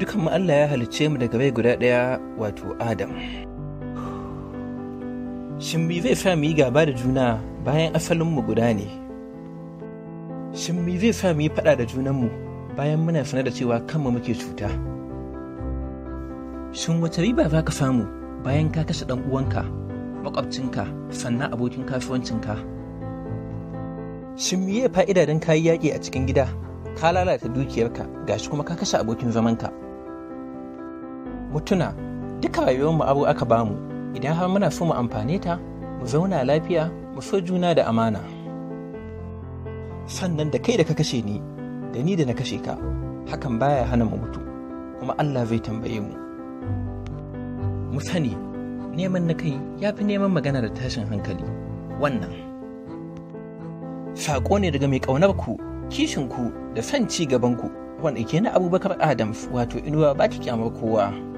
dukan Allah ya halicce mu daga bai guda ɗaya wato Adam. Shin mi zai sa mu yi gaba da juna bayan asalinmu guda ne? Shin mi zai sa mu yi faɗa da junanmu bayan muna sanar da cewa kanmu muke cuta? Shin wace riba za ka samu bayan ka kashe ɗan uwanka, makwabcinka sannan abokin kasuwancinka? Shin ya fa'ida don ka yi yaƙi a cikin gida? Ka lalata dukiyarka gashi kuma ka kashe abokin zamanka. mutuna duka mu aro aka bamu idan har muna so mu amfane ta mu zauna lafiya mu so juna da amana sannan da kai da ka kashe ni da ni da na kashe ka hakan baya hana mu mutu kuma Allah zai tambaye mu mu sani neman na kai ya fi neman magana da tashin hankali wannan saƙo ne daga mai ƙaunar ku kishin ku da son ci gaban ku wanda ke na abubakar adams wato inuwa ba ki kyamar kowa